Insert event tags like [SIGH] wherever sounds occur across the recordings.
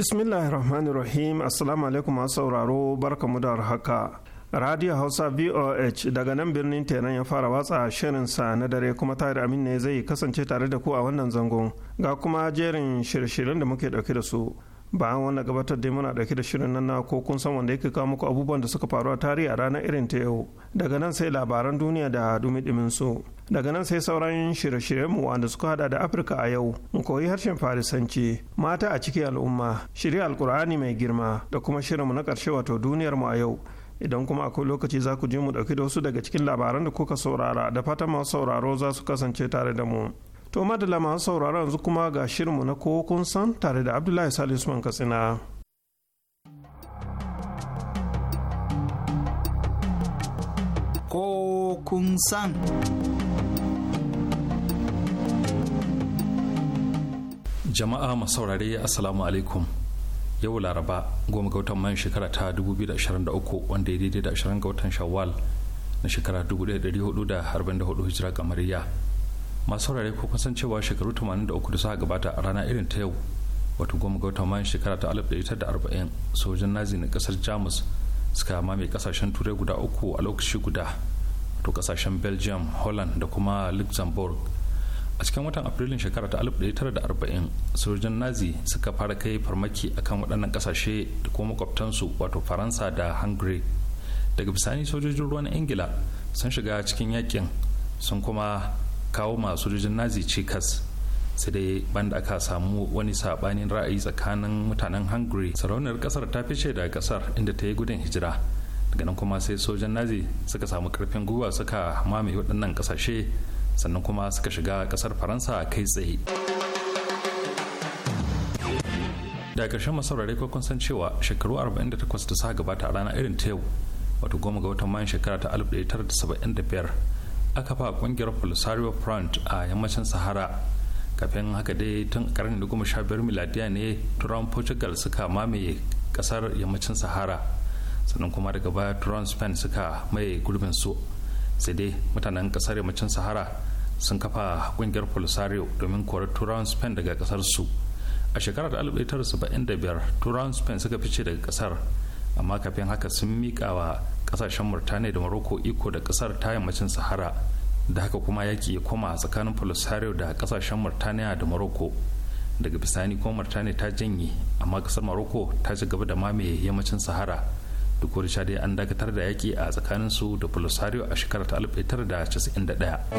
Bismillahirrahmanirrahim Assalamu alaikum masu sauraro barkamu da haka. Radio Hausa VOH daga nan birnin Tenan ya fara watsa shirinsa na dare kuma tare amin ne zai kasance tare da ku a wannan zangon ga kuma jerin shirye-shiryen da muke dauke da su. bayan wannan gabatar dai muna dauke da shirin nan na ko kun san wanda yake kawo muku abubuwan da suka faru a tarihi a ranar irin ta yau daga nan sai labaran duniya da dumi su daga nan sai sauran shirye-shiryenmu wanda suka hada da afirka a yau mu koyi harshen farisanci mata a cikin al'umma shirya alkur'ani mai girma da kuma shirin mu na karshe wato duniyar mu a yau idan kuma akwai lokaci za ku je mu dauki da wasu daga cikin labaran da kuka saurara da fatan masu sauraro za su kasance tare da mu to da masu sauraron yanzu kuma ga shirinmu na kokun san tare da abdullahi salisu usman katsina kokun san jama'a masaurare assalamu alaikum yau laraba goma ga watan mayan shekara ta 2023 wanda ya daidai da 20 ga watan shawwal na shekara 1444 hijira kamariya masu saurare ko kusan cewa shekaru 83 da suka gabata a rana irin ta yau wato goma ga watan mayun shekara ta 1940 sojan nazi na kasar jamus suka mame kasashen turai guda uku a lokaci guda wato kasashen belgium holland da kuma luxembourg a cikin watan afrilun shekara ta 1940 sojan nazi suka fara kai farmaki akan waɗannan kasashe da kuma makwabtansu wato faransa da hungary daga bisani sojojin ruwan ingila sun shiga cikin yakin sun kuma kawo masu rijin nazi cikas sai dai banda aka samu wani sabanin ra'ayi tsakanin mutanen hungary sarauniyar kasar ta fice da kasar inda ta yi gudun hijira daga nan kuma sai sojan nazi suka samu karfin gwiwa suka mamaye waɗannan kasashe sannan kuma suka shiga kasar faransa kai tsaye da ƙarshen masaurare ko kun san cewa shekaru 48 da suka gabata a ranar irin ta yau wato goma ga watan mayan shekara ta 1975 aka fa kungiyar polisario front a yammacin sahara kafin haka dai tun karni goma sha biyar miladiya ne turan portugal suka mamaye kasar yammacin sahara sannan kuma daga baya turan spain suka maye gurbin su sai dai mutanen kasar yammacin sahara sun kafa kungiyar polisario domin korar turan spain daga kasar su a shekarar da 1975 turan spain suka fice daga kasar amma kafin haka sun miƙa wa kasashen murtaniya da morocco iko da kasar ta yammacin sahara da haka kuma yaki ya koma tsakanin polisario da kasashen murtaniya da morocco daga bisani kuma murtaniya ta janye amma kasar morocco ta ci gaba da mamaye yammacin sahara duk wani sha an dakatar da yaki a tsakanin su da polisario a shekarar ta 1991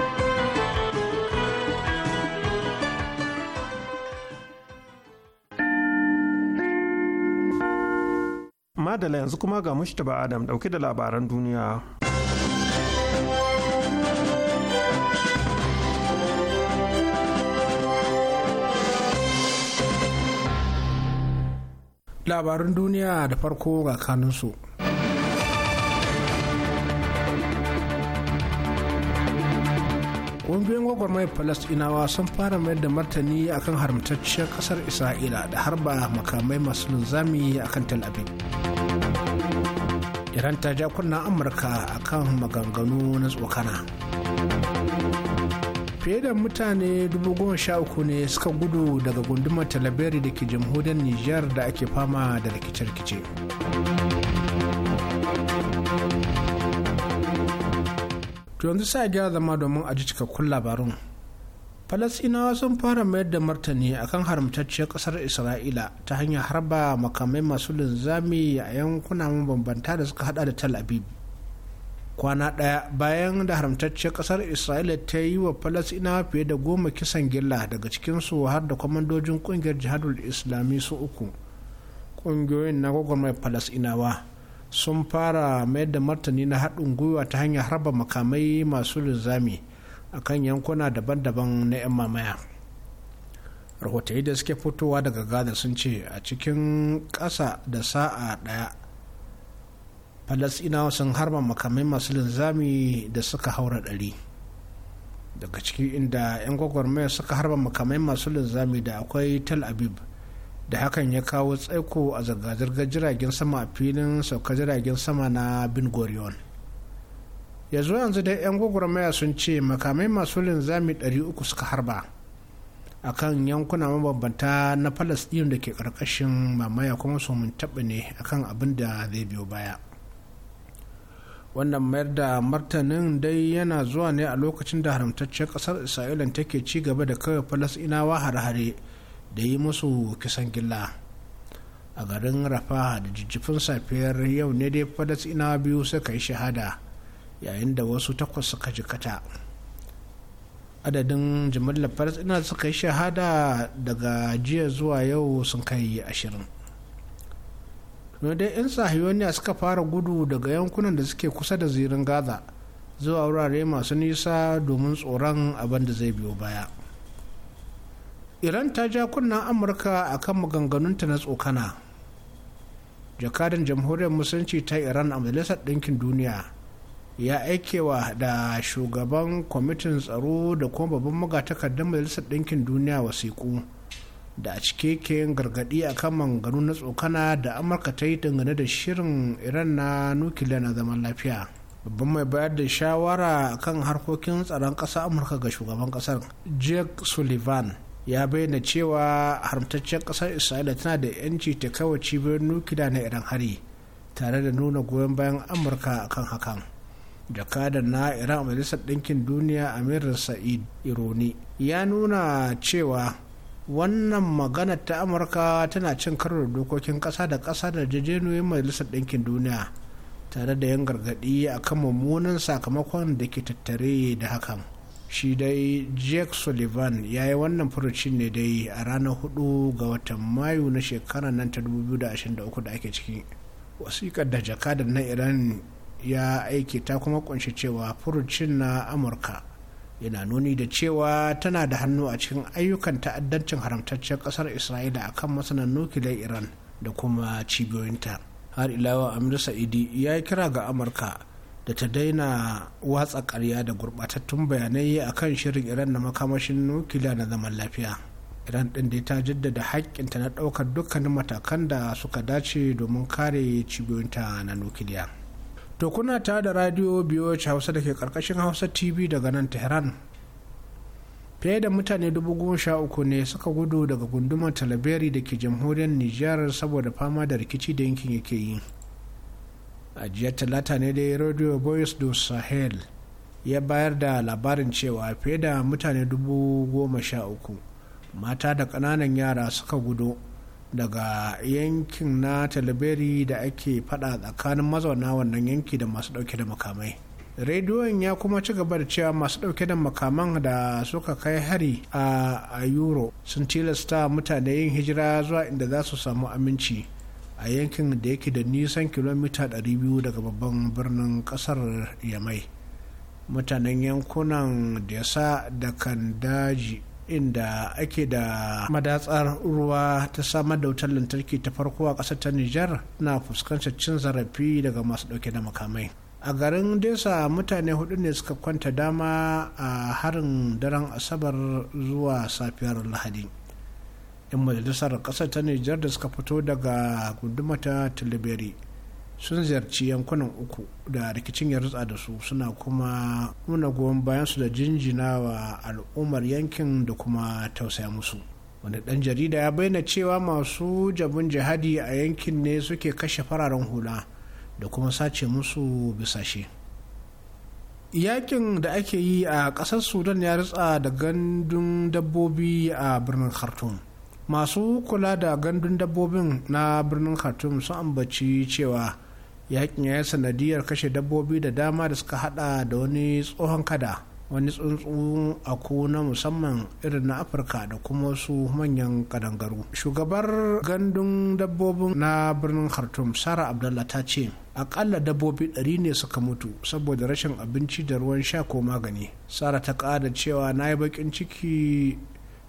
madala yanzu kuma ga mushtaba adam dauke da labaran duniya labaran duniya da farko ga kanunsu ƙungiyoyin gwagwarmayar falasɗinawa sun fara mayar da martani akan haramtacciyar ƙasar isra'ila da harba makamai masu linzami a kan tel aviv iran ta ja kunna amurka akan maganganu na tsokana fiye da mutane dubu goma sha uku ne suka gudu daga gundumar talabari da ke jamhuriyar niger da ake fama da rikice-rikice. to yanzu sa gyara zama domin a ji cikakkun labarun falasinawa sun fara mayar da martani akan haramtacciyar kasar isra'ila ta hanyar harba makamai masu linzami a yankuna mabambanta da suka hada da tel aviv kwana ɗaya bayan da haramtacciyar ƙasar isra'ila ta yi wa falasinawa fiye da goma kisan gilla daga cikinsu har da kwamandojin ƙungiyar jihadul islami su uku ƙungiyoyin na gwagwarmar falasinawa sun fara mayar da martani na haɗin gwiwa ta hanyar harba makamai masu linzami a kan yankuna daban-daban na 'yan mamaya rahotanni da suke fitowa daga gaza sun ce a cikin ƙasa da sa'a ɗaya falasɗinawa sun harba makamai masu linzami da suka haura ɗari daga ciki inda 'yan gwagwarmaya suka harba makamai masu linzami da akwai tel aviv da hakan ya kawo tsaiko a zirga-zirgar jiragen sama a filin sauka jiragen sama na bin gorion yanzu yanzu dai 'yan gwagwarmaya sun ce makamai masu linzami 300 suka harba a kan yankuna mabambanta na palestine da ke karkashin mamaya kuma su mun taɓa ne a kan abin da zai biyo baya wannan mayar da martanin dai yana zuwa ne a lokacin da haramtacciyar ƙasar isra'ila take ci gaba da kawai falasɗinawa hare-hare da yi musu kisan gilla a garin rafaha da jijjifin safiyar yau ne dai ina biyu suka yi shahada yayin da wasu takwas suka jikata adadin jimillar ina suka yi shahada daga jiya zuwa yau sun kai ashirin dai 'yan sahiyoniya suka fara gudu daga yankunan da suke kusa da zirin gaza zuwa wurare masu nisa domin tsoron abin da zai biyo baya iran ta ja kunnan amurka a kan maganganunta na tsokana jakadan jamhuriyar musulunci ta iran a majalisar ɗinkin duniya ya aikewa da shugaban kwamitin tsaro da kuma babban magatakardar majalisar ɗinkin duniya wasiƙu da a cike ke gargaɗi a kan manganu na tsokana da amurka ta yi dangane da shirin iran na nukiliya na zaman lafiya babban mai bayar da shawara kan harkokin tsaron ƙasa amurka ga shugaban ƙasar jake sullivan ya bayyana cewa haramtaccen kasar isra'ila tana da 'yanci ta kawo cibiyar nukiliya na iran hari tare da nuna goyon bayan amurka kan hakan jakada na iran a majalisar ɗinkin duniya amir sa'id ironi ya nuna cewa wannan magana ta amurka tana cin karo da dokokin ƙasa da ƙasa da jejenoyin majalisar ɗinkin duniya tare da yin gargaɗi akan mummunan sakamakon da ke tattare da hakan shi dai jake sullivan ya yi wannan furucin ne dai a ranar hudu ga watan mayu na shekarar nan ta 2023 da ake ciki wasikar da jakadar na iran ya aiki ta kuma kunshi cewa furucin na amurka yana nuni da cewa tana da hannu a cikin ayyukan ta'addancin haramtaccen kasar isra'ila akan masanan nukiliyar iran da kuma cibiyoyinta har ilawa amir sa'idi ya kira ga amurka da ta daina watsa karya da gurbatattun bayanai a kan shirin iran na makamashin nukiliya na zaman lafiya iran ɗin da ta jaddada haƙƙinta na ɗaukar dukkanin matakan da suka dace domin kare cibiyoyinta na nukiliya to kuna ta da radio biyu hausa da ke ƙarƙashin hausa tv daga nan tehran fiye da mutane dubu goma sha uku ne suka gudu daga gundumar talaberi da ke jamhuriyar nijar saboda fama da rikici da yankin yake yi a jiya talata ne dai radio boys do sahel ya bayar da labarin cewa fiye da mutane dubu goma sha uku mata da kananan yara suka gudo daga yankin na taliberi da ake fada tsakanin mazauna wannan yanki da masu dauke da makamai rediyon ya kuma ci gaba da cewa masu dauke da makaman da suka kai hari a euro sun tilasta mutane yin hijira zuwa inda za su samu aminci a yankin da yake da nisan kilomita 200 daga babban birnin kasar yamai mutanen yankunan da desa da kan daji inda ake da madatsar ruwa ta samar da wutar lantarki ta farko a ƙasar ta nijar na fuskantar cin zarafi daga masu ɗauke da makamai a garin desa mutane hudu ne suka kwanta dama a harin daren asabar zuwa safiyar lahadi 'yan majalisar ƙasar ta nijar da suka fito daga gunduma ta tilibiri sun ziyarci yankunan uku da rikicin ya rutsa da su suna kuma nuna goyon su da jinjinawa al'ummar yankin da kuma tausaya musu wani dan jarida ya bayyana cewa masu jabin jihadi a yankin ne suke kashe fararen hula da kuma sace musu bisashe yakin da ake yi a ƙasar sudan ya rutsa da gandun dabbobi a birnin khartoum masu kula da gandun dabbobin na birnin khartoum sun ambaci cewa yakin ya yi sanadiyar kashe dabbobi da dama da suka hada da wani tsohon kada wani tsuntsu aku na musamman irin na afirka da kuma wasu manyan kadangaru shugabar gandun dabbobin na birnin khartoum sara abdullah ta ce akalla dabbobi 100 ne suka mutu saboda rashin abinci da ruwan sha ko magani sara ta kada cewa na yi bakin ciki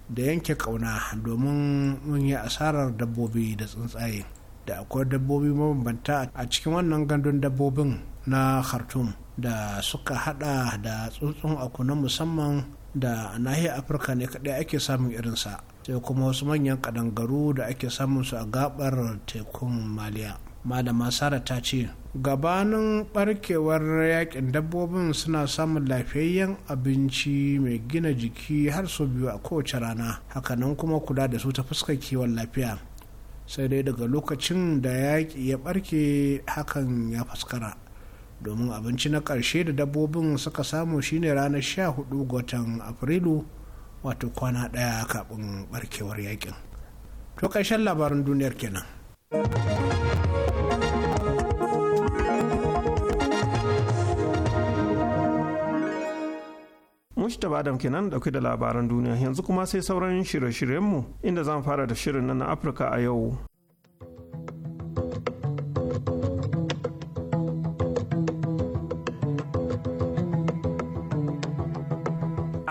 da yanke ƙauna domin mun yi asarar dabbobi da tsuntsaye da akwai dabbobi mabambanta a cikin wannan gandun dabbobin na khartoum da suka hada da tsuntsun aku na musamman da nahiyar afirka ne kadai ake samun irinsa sai kuma wasu manyan kadangaru da ake samun su a gabar tekun maliya malama sara ta ce gabanin barkewar yakin dabbobin suna samun lafiyayyen abinci mai gina jiki har sau biyu a kowace rana hakanan kuma kula da su ta fuskar kiwon lafiya sai dai daga lokacin da yaƙi ya barke hakan ya faskara domin abinci na ƙarshe da dabbobin suka samu shine ranar 14 ga watan afrilu wato kwana ɗaya kafin barkewar yakin to ƙarshen labarin duniyar kenan taba Adam kenan dauke da labaran duniya yanzu kuma sai sauran shirye-shiryenmu inda zan fara da shirin na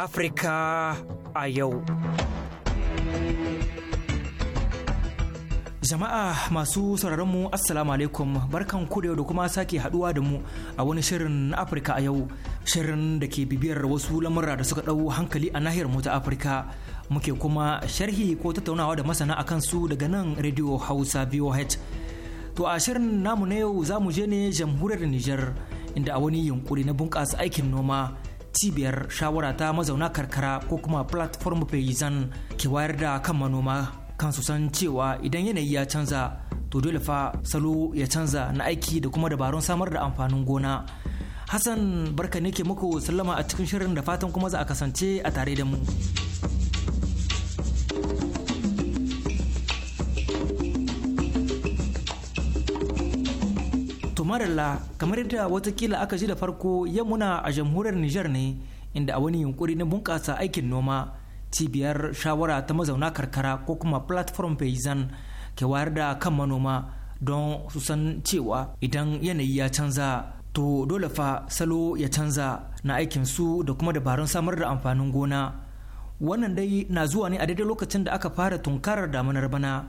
Afirka a yau. Afirka a yau. Jama'a masu sauraron mu Assalamu alaikum barkan ku da yau da kuma sake haduwa da mu a wani shirin na Afirka a yau shirin da ke bibiyar wasu lamurra da suka ɗau hankali a nahiyar mu ta Afirka muke kuma sharhi ko tattaunawa da masana akan su daga nan Radio Hausa VOH to a shirin namu na yau za mu je ne jamhuriyar Nijar inda a wani yunkuri na bunƙasa aikin noma cibiyar shawara ta mazauna karkara ko kuma platform payzan ke wayar da kan manoma kan su san cewa idan yanayi ya canza to dole fa salo ya canza na aiki da kuma dabarun samar da amfanin gona hassan barka ne ke muku sallama a cikin shirin da fatan kuma za a kasance a tare da mu marala kamar yadda watakila aka ji da farko yammuna a jamhuriyar niger ne inda a wani yunkuri na bunƙasa aikin noma cibiyar shawara ta mazauna karkara ko kuma platform paysan ke wayar da kan manoma don su san cewa idan yanayi ya canza to dole fa salo ya canza na aikin su da kuma dabarun samar da amfanin gona wannan dai na zuwa ne a daidai lokacin da aka fara tunkarar damanar bana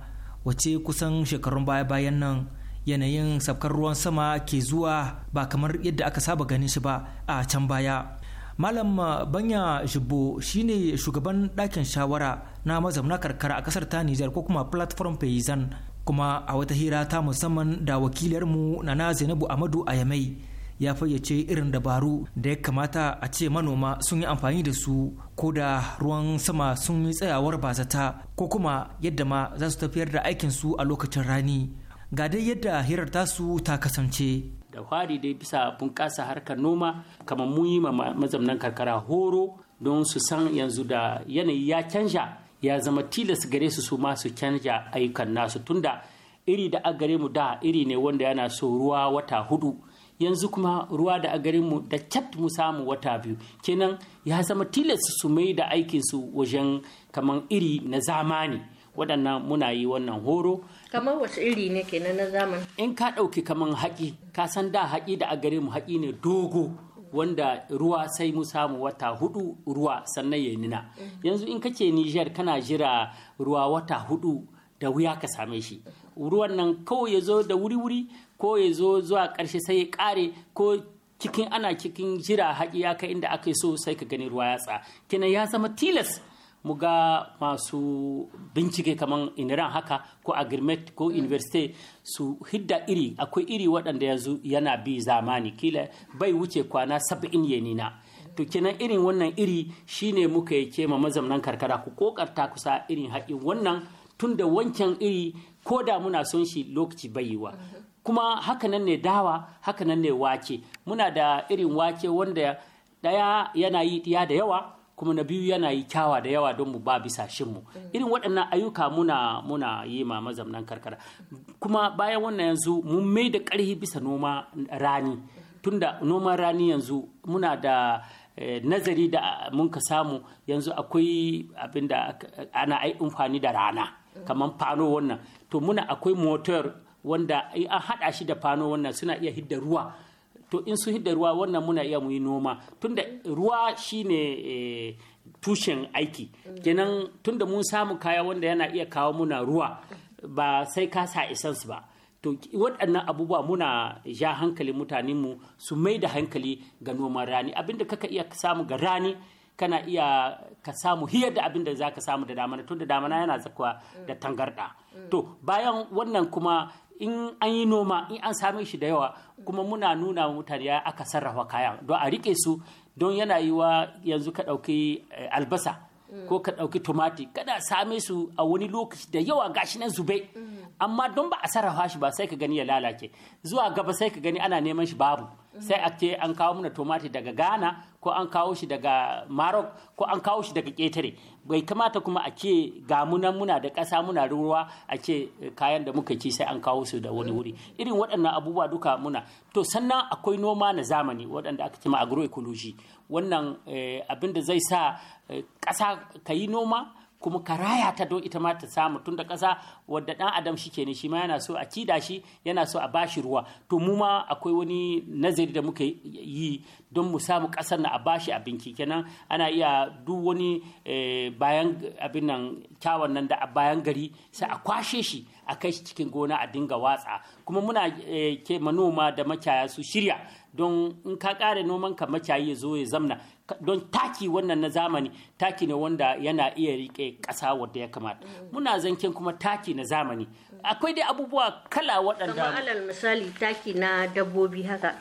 wace kusan shekarun baya-bayan nan yanayin sabkar ruwan sama ke zuwa ba kamar yadda aka saba ganin shi ba a can baya malam uh, banya jibbo shine shugaban ɗakin shawara na mazauna karkara a kasar ta nijar ko kuma platform paysan kuma a wata hira ta musamman da wakilarmu na zainabu amadu ayamai ya fayyace irin dabaru da ya kamata a ce manoma sun yi amfani da su ko da ruwan sama sun yi tsayawar bazata ko kuma yadda ma za su tafiyar da aikinsu a lokacin rani ga dai yadda hirar tasu ta kasance da fari dai bisa bunƙasa harkar noma kamar mun yi mazamnan karkara horo don su san yanzu da yanayi ya canja ya zama tilas gare su su masu canja ayyukan nasu tunda iri da gare mu da iri ne wanda yana so ruwa wata hudu yanzu kuma ruwa da gare mu da cat mu samu wata biyu kenan ya zama tilas su mai da aikinsu wajen kaman iri na zamani waɗannan muna yi wannan horo kamar wasu iri ne kenan na zamani in ka ɗauki kamar haƙi ka san da haƙi da a gare mu haƙi ne dogo wanda ruwa sai mu samu wata hudu ruwa sannan ya nina mm-hmm. yanzu in kake Niger kana jira ruwa wata hudu da wuya ka same shi ruwan nan kawai ya zo da wuri-wuri ko ya zo zuwa ƙarshe sai ya ƙare ko cikin ana cikin jira haƙi ya kai inda ake so sai ka gani ruwa ya tsa kenan ya zama tilas mu ga masu bincike kamar iniran haka ko agrimet ko university su hidda iri akwai iri waɗanda yanzu yana bi zamani kila bai wuce kwana saba'in yanina to kenan irin wannan iri shine muka yi kema mazamnan karkara ku kokarta kusa irin haƙi wannan tunda wancan iri ko da muna son shi lokaci bai wa kuma haka nan ne dawa haka nan ne wake muna da irin wake wanda ɗaya yana yi ya da yawa kuma na biyu yana yi kyawa da yawa don mu ba bisa mu mm. irin waɗannan ayyuka muna muna yi ma mazamnan karkara kuma bayan wannan yanzu mun mai da ƙarfi bisa noma rani tunda noman rani yanzu muna da eh, nazari da mun ka samu yanzu akwai abin da ana ai amfani da rana mm. kamar fano wannan to muna akwai motor wanda an haɗa shi da fano wannan suna iya hidda ruwa to in sun hidda ruwa wannan muna iya muyi noma tunda ruwa shine eh, tushen aiki kenan tunda mun samu kaya wanda yana iya kawo muna ruwa ba sai ka sa essence ba to waɗannan abubuwa muna ja hankali mutanen mu su mai da hankali ga noman rani abinda kaka iya samu ga rani kana iya ka samu hiyar da abinda za ka samu da damana tun da damana yana zakwa da tangarɗa to bayan wannan kuma in an yi noma in an same shi da yawa kuma muna nuna mutane ya aka sarrafa kayan don a rike su don yana yi wa yanzu ka ɗauki eh, albasa ko ka ɗauki tumati kada same su a wani lokaci da yawa gashi nan zube amma don ba a sarrafa shi ba sai ka gani ya lalace zuwa gaba sai ka gani ana neman shi babu sai a ce an kawo mana tumati daga ghana ko an kawo shi daga maroc ko an kawo shi daga ƙetare bai kamata kuma a ce ga munan muna da ƙasa muna ruwa a ce eh, kayan da muka ci sai an kawo su da wani wuri irin waɗannan abubuwa duka muna to sannan akwai noma na zamani waɗanda aka cima agroecology wannan eh, abin da zai sa eh, ƙasa ka yi noma kuma ka raya ta don ita ma ta samu tun da ƙasa wadda ɗan adam shi kenan shi ma yana so a cida shi yana so a bashi ruwa to mu ma akwai wani nazari da muka yi don mu samu ƙasar na a bashi abinci kenan ana iya duk wani eh, bayan abin nan kyawun nan da a bayan gari sai a kwashe shi a kai shi cikin gona a dinga watsa kuma muna eh, ke manoma da makiyaya su shirya don in ka kare noman ka makiyayi ya zo ya zamna don taki wannan na zamani taki ne wanda yana iya rike ƙasa wadda ya kamata mm. muna zanken kuma taki na zamani mm. akwai dai abubuwa kala waɗanda kamar alal misali taki na dabbobi haka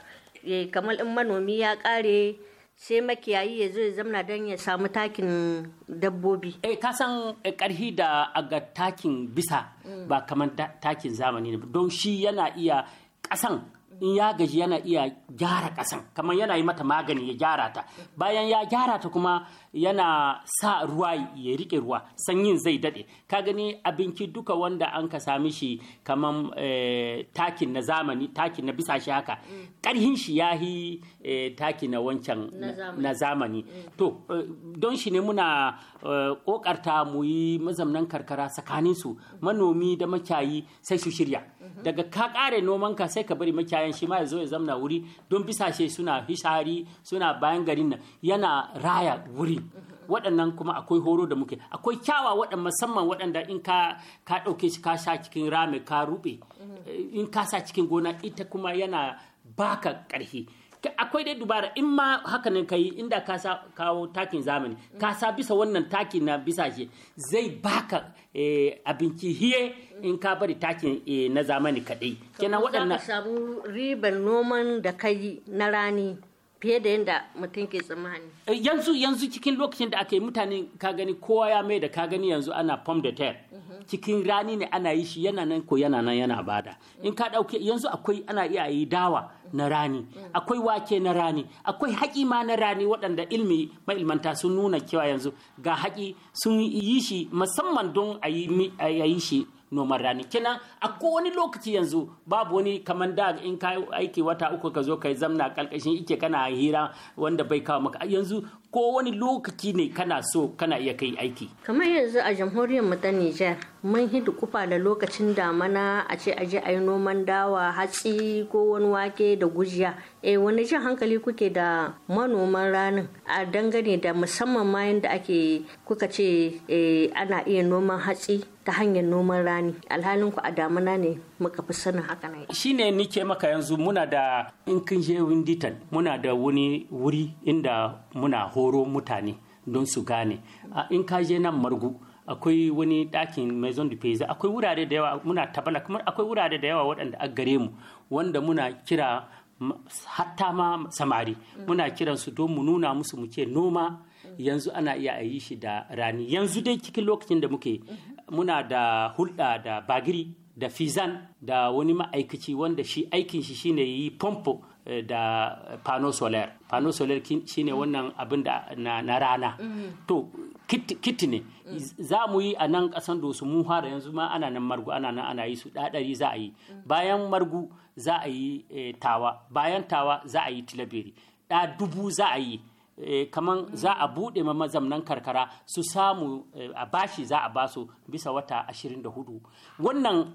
eh, kamar in manomi ya ƙare sai makiyayi ya zo ya zamna don ya samu takin dabbobi. Eh ka san karhi eh, da aga takin bisa mm. ba kamar takin zamani ne don shi yana iya ƙasan. in ya gaji yana iya gyara ƙasan kamar yana yi mata magani ya gyara ta bayan ya gyara ta kuma yana sa ruwa ya rike ruwa sanyin zai dade ka gani abinci duka wanda an ka sami shi kamar eh, takin na zamani takin na bisa haka karhin shi ya yi eh, takin na wancan na zamani mm. to eh, don shi ne muna kokarta mu yi mazamnan karkara tsakanin su manomi da makiyayi sai su shirya mm-hmm. daga ka kare noman ka sai ka bari makiyayan shi ma ya zo ya zamna wuri don bisashe suna hishari suna bayan garin nan yana raya wuri waɗannan kuma akwai horo da muke akwai kyawa waɗan musamman waɗanda in ka ka ɗauke shi ka sha cikin rame ka ruɓe eh, in ka sa cikin gona ita kuma yana baka ƙarfi akwai dai dubara in ma haka ne ka yi inda ka sa kawo takin zamani ka sa bisa wannan taki na bisa shi zai baka eh, abinci hiye in ka bari takin eh, na zamani kaɗai kenan waɗannan ribar noman da ka na rani fiye da yadda mutum ke tsammani. Eh, yanzu yanzu cikin lokacin da aka yi mutane ka gani kowa ya mai da ka gani yanzu ana pom de terre. Cikin rani ne ana yi shi yana nan ko yana nan yana bada. Mhm. In ka dauke yanzu akwai ana iya yi dawa na rani, mhm. akwai wake na rani, akwai haƙi ma na rani waɗanda ilmi mailmanta sun nuna cewa yanzu ga haƙi sun yi shi musamman don a yi shi noman rani kenan a wani lokaci yanzu babu wani kamar da in ka aiki wata uku ka zo ka zamna kalkashin ike kana hira wanda bai kawo maka yanzu ko wani lokaci ne kana so kana iya kai aiki kamar yanzu a jamhuriyar mu ta Nijar mun hidu kufa da lokacin damana a ce a yi noman dawa hatsi ko wani wake da gujiya eh wani jin hankali kuke da manoman ranin a dangane da musamman ma yanda ake kuka ce eh, ana iya noman hatsi ta hanyar noman rani alhalin ku a damuna ne muka fi sanin haka ne shine nike maka yanzu muna da in kin je winditan muna da wani wuri inda muna ho horo mutane don su gane in ka je nan margu akwai wani ɗakin maison du pays akwai wurare da yawa muna tabala kamar akwai wurare da yawa waɗanda a gare mu wanda muna kira hatta ma samari muna kiran su don mu nuna musu mu ce noma yanzu ana iya a yi shi da rani yanzu dai cikin lokacin da muke muna da hulɗa da bagiri da fizan da wani ma'aikaci wanda shi aikin shi shine yi pompo Eh, da pano solar pano solar shine wannan abin da na rana mm-hmm. to kit ne mm. za mu yi a nan kasan dosu mu fara yanzu ma ana nan margu ana nan ana yi su ɗaɗari za a yi mm. bayan margu za a yi eh, tawa bayan tawa za a yi tilabiri ɗa dubu za a yi Eh, kaman za a buɗe ma mazamnan karkara su samu eh, a bashi za a basu bisa wata ashirin da hudu wannan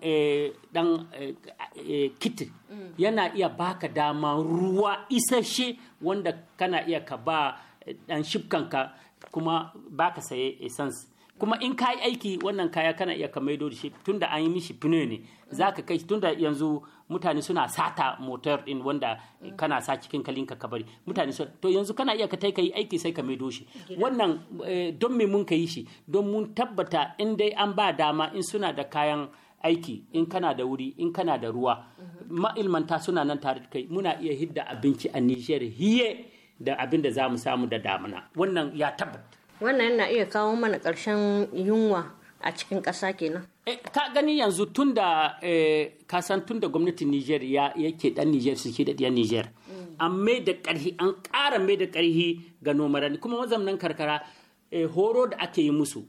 dan eh, kit yana iya baka dama ruwa isashe wanda kana iya ka ba dan shifkanka kuma baka saye essence kuma in ka yi aiki wannan kaya kana iya ka maido da shi tunda an yi mishi fino ne za ka kai tunda yanzu mutane suna sata motar din wanda kana sa cikin kalinka ka bari mutane su to yanzu kana iya ka kai aiki sai ka maido shi wannan eh, don me mun ka yi shi don mun tabbata in dai an ba dama in suna da kayan aiki in kana da wuri in kana da ruwa mhm. ma'ilmanta suna nan tare da kai muna iya hidda abinci a Niger hiye da abin da za mu samu da damuna wannan ya tabbata wannan yana iya kawo mana ƙarshen yunwa a cikin ƙasa kenan. Eh, ka gani yanzu tun da eh, kasan tun da gwamnatin niger ya yake dan niger suke da ɗiyan niger mm. an mai da ƙarhi an ƙara mai da ƙarhi ga nomaran kuma mazamnan karkara eh, horo da ake yi musu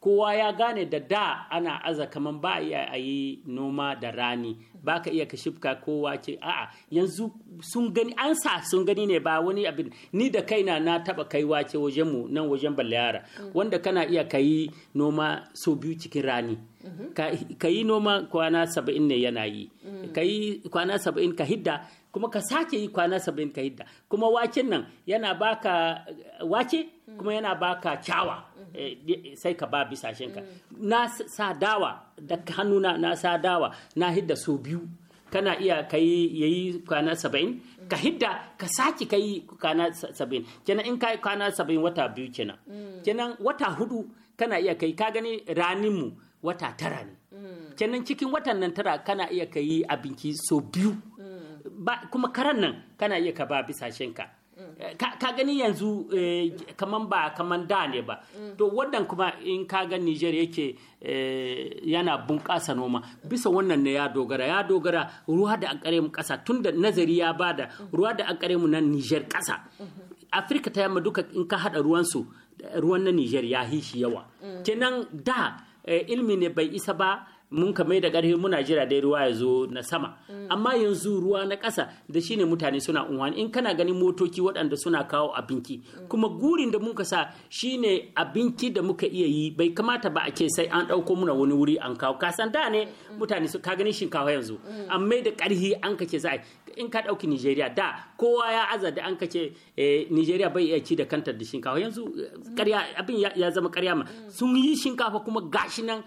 kowa ya gane da da ana aza kaman ba a yi noma da rani ba ka iya ka shifka ko wake a'a yanzu sun gani an sa sun gani ne ba wani abin ni da kaina na taba kai wake wajen mu nan wajen balayara mm. wanda kana iya ka yi noma sau biyu cikin rani mm-hmm. ka yi noma kwana saba'in ne yana yi mm. ka yi kwana saba'in ka hidda kuma ka sake yi kwana saba'in ka hidda kuma waken nan yana baka eh, wake kuma yana baka kyawa eh, sai ka ba bisashen ka na sa dawa da hannuna na sa dawa na hidda so biyu kana iya yi yayi kwana saba'in ka hidda ka sake yi kwana saba'in kenan in ka yi kwana saba'in wata biyu kenan kenan wata hudu kana iya kai ka gani ranin mu wata tara ne mm. kenan cikin watan nan tara kana iya ka yi abinci so biyu kuma karan nan kana iya ka ba bisashen eh, ka ka gani yanzu eh, kaman ba kaman da ne ba mm. to wannan kuma in ka ga Niger yake eh, yana bunƙasa noma bisa wannan ne ya dogara ya dogara ruwa da an mu ƙasa tun da nazari ya bada mm. ruwa da an mu nan Niger ƙasa mm-hmm. Afirka ta yamma duka in ka haɗa ruwansu ruwan na Niger ya hishi yawa mm. kenan da ilmi ne bai isa ba mun ka mai da ƙarfi muna jira dai ruwa ya zo na sama amma yanzu ruwa na ƙasa da shine mutane suna unwani in kana ganin motoci waɗanda suna kawo abinki kuma gurin da muka sa shine abinki da muka iya yi bai kamata ba a ce sai an ɗauko muna wani wuri an kawo kasan da ne mutane su ka ganin shinkafa yanzu an mai da ƙarfi an kace za in ka ɗauki Nigeria da kowa ya aza da an kace eh, Nigeria bai iya ci da kantar da shinkafa yanzu eh, abin ya zama ƙarya ma sun yi shinkafa kuma gashi nan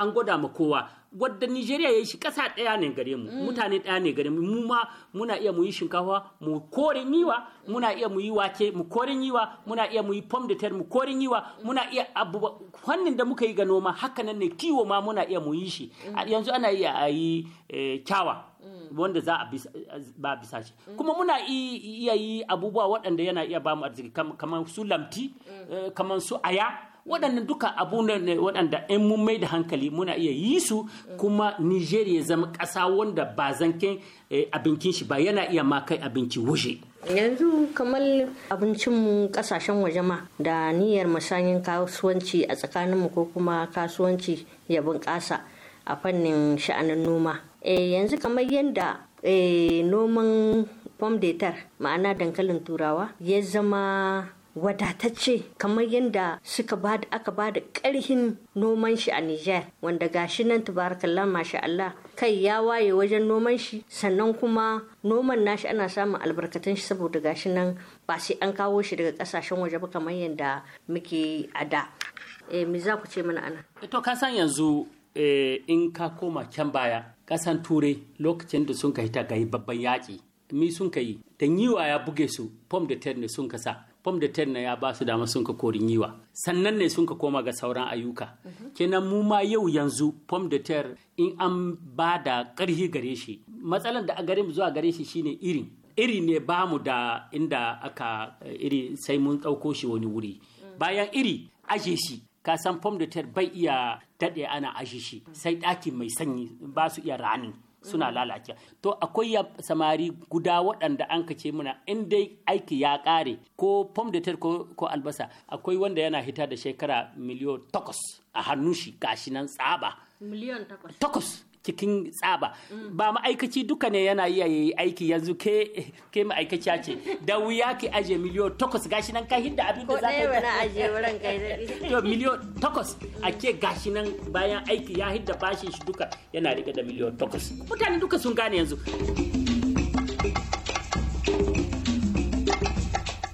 an gwada ma kowa wadda Nigeria ya yi shi kasa ɗaya ne gare mu mm. mutane ɗaya ne gare mu mu ma muna iya mu shinkafa mu kore yiwa muna iya mu yi wake mu kore yiwa muna iya mu yi pom de terre mu kore yiwa muna iya abubuwa fannin da muka yi ga noma haka nan ne kiwo ma muna iya mu shi mm. yanzu ana iya a yi eh, kyawa mm. wanda za a ba bisa shi kuma muna iya yi abubuwa waɗanda yana iya ba mu arziki kamar su lamti eh, kamar su aya waɗannan duka abu ne waɗanda in mun mai da hankali muna iya yi su kuma nigeria ya zama ƙasa wanda ba zanken eh, abincin shi ba yana iya ma kai abinci wuje. yanzu kamar abincin mu kasashen waje ma da niyyar masayin kasuwanci a tsakanin mu ko kuma kasuwanci ya bunƙasa a fannin sha'anin noma eh, yanzu kamar yadda eh, noman fom ma'ana dankalin turawa ya zama wadatacce kamar yadda suka bada aka ba da karhin noman shi a Nijar wanda gashi nan tabarakallah masha Allah kai ya waye wajen noman shi sannan kuma noman nashi ana samun albarkatun shi saboda gashi nan ba sai an kawo shi daga kasashen waje ba kamar yadda muke a da eh me za ku ce mana ana eh, to ka san yanzu eh, in ka koma can baya kasan turai lokacin da sun ka hita ga babban yaƙi mi sun ka yi da yiwa ya buge su fom da ter ne sun ka sa fom de terre na ya ba su dama sun ka korin yiwa sannan ne sun ka koma ga sauran ayyuka kenan mu ma yau yanzu fom de terre in an ba da karhi gare shi matsalan da a gare mu zuwa gare shi shine irin iri ne ba mu da inda aka eh, iri sai mun ɗauko shi wani wuri bayan iri aje shi ka san pom de terre bai iya daɗe ana aje shi sai ɗaki mai sanyi ba su iya rani suna mm. lalace to akwai samari guda waɗanda an kace muna in dai aiki ya ƙare ko fom da ko, ko albasa akwai wanda yana hita da shekara miliyon takwas a hannun shi gashi nan tsaba miliyon takwas cikin tsaba mm. ba ma'aikaci duka ne yana iya yi aiki yanzu ke ke ce da wuya ki aje miliyon takwas gashi nan kai da abin da za ka yi aje wurin kai [LAUGHS] to takwas a ke gashi nan bayan aiki ya hidda bashin shi duka yana rike da miliyon takwas mutane duka sun gane yanzu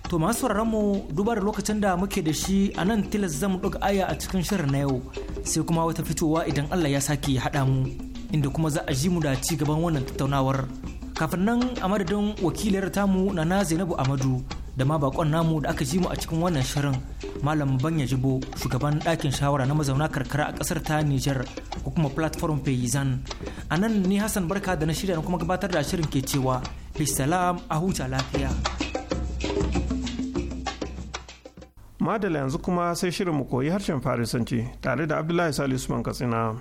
To masu mu duba da lokacin da muke da shi a nan tilas zamu ɗaga aya a cikin shirin na yau sai kuma wata fitowa idan Allah ya sake haɗa mu. inda kuma za a ji mu da ci gaban wannan tattaunawar kafin nan a madadin wakilar tamu na na zainabu amadu da ma bakon namu da aka ji mu a cikin wannan shirin malam banya jibo shugaban ɗakin shawara na mazauna karkara a ƙasar ta nijar ko kuma platform payzan a nan ni hassan barka da na shirya na kuma gabatar da shirin ke cewa bisalam a huta lafiya madala yanzu kuma sai shirin mu koyi harshen farisanci tare da abdullahi salisu man katsina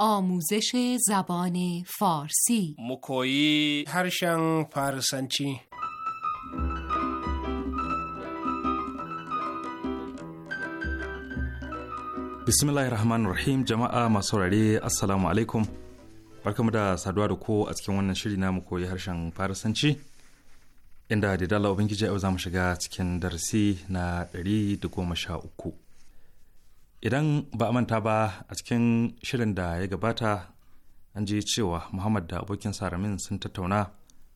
آموزش زبان فارسی مکویی هرشن فارسنچی bismillahir rahmanir rahim jama'a masu saurare assalamu alaikum barkamu da saduwa da ko a cikin wannan shiri namu koyi harshen farisanci inda da dala ubangiji yau za mu shiga cikin darasi na 113 idan ba a manta ba a cikin shirin da ya gabata an ji cewa muhammad da abokin saramin sun tattauna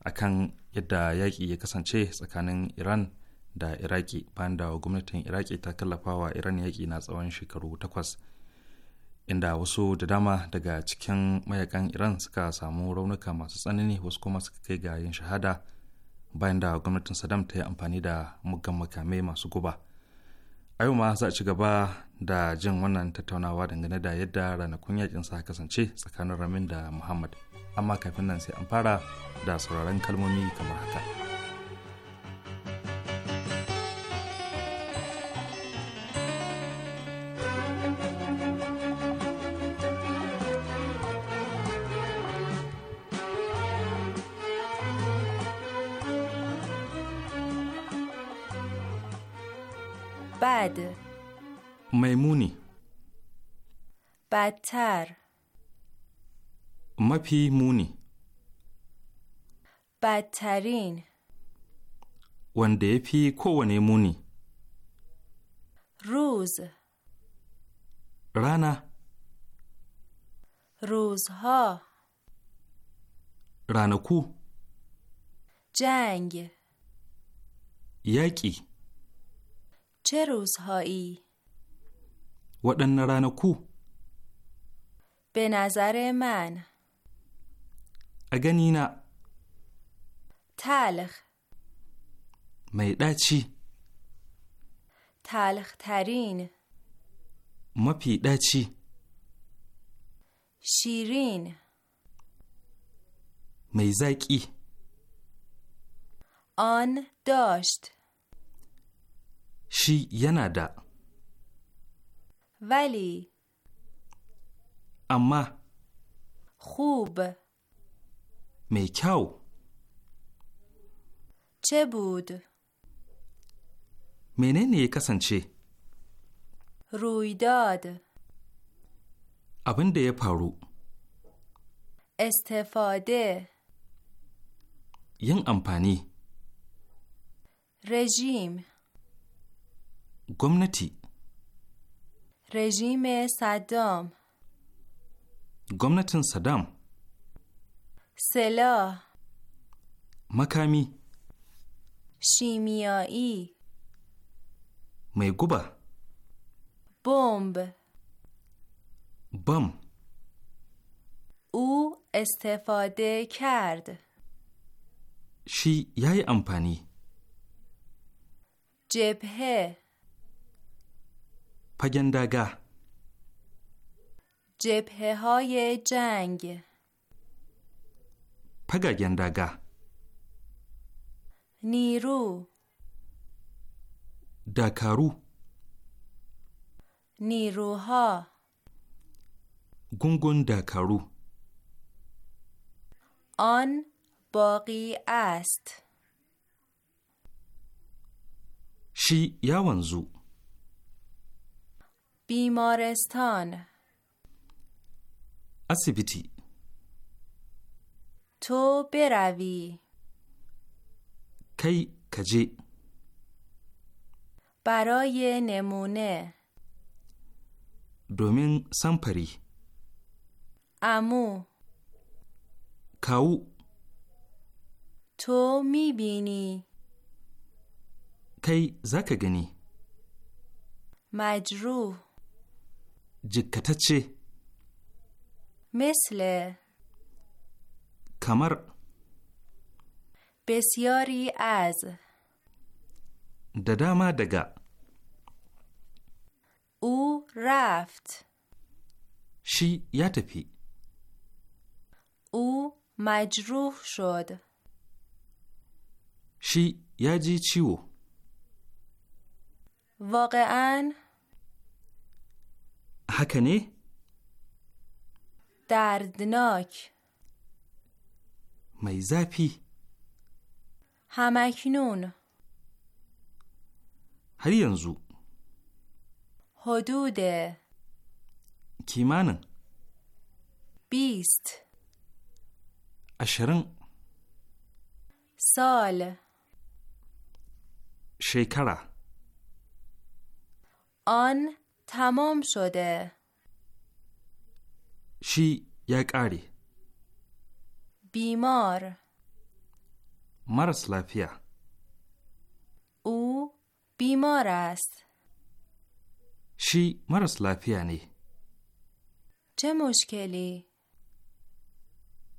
akan yadda yaƙi ya kasance tsakanin iran da iraki bayan da gwamnatin iraki ta kallafa wa iran yaƙi na tsawon shekaru takwas inda wasu da dama daga cikin mayakan iran suka samu raunuka masu tsanani wasu kuma suka kai ga yin shahada bayan da gwamnatin saddam ta yi amfani da muggan makamai masu guba a yau ma za a ci gaba da jin wannan tattaunawa dangane da yadda ranakun yakin sa kasance tsakanin ramin da muhammad amma kafin nan sai an fara da sauraron kalmomi kamar haka. Mai muni. Batar. Mafi muni. Batarin. wanda ya fi kowane muni. Ruz Rana Ruzha Ranaku Jang Yaƙi چه روزهایی؟ ودن کو به نظر من اگنینا تلخ میده چی؟ تلخ ترین مپیده چی؟ شیرین میزکی آن داشت shi yana da. Vale. Amma. Khub. Mai kyau. Chebud. Menene ya kasance? Ruidad. Abin ya faru. Estefade. Yin amfani. Regime. گمنتی رژیم صدام گمنتن صدام سلاح مکامی شیمیایی میگوبه بمب بم او استفاده کرد شی یای امپانی جبهه پگندگه جبهه های جنگ پگندگه نیرو دکارو نیروها گونگون دکارو آن باقی است شی یاونزو بیمارستان اسیبیتی تو بروی کی کجی برای نمونه دومین سمپری امو کاو تو میبینی کی زکگنی مجروح جکتچه مثل کمر بسیاری از دداما دگا او رفت شی یا او مجروح شد شی یا جی چیو واقعا حکنه دردناک می زفی همکنون هر حدود کیمان بیست اشرن سال شیکرا آن تمام شده شی یک آری بیمار مرس لافیا او بیمار است شی مرس لافیا نی چه مشکلی؟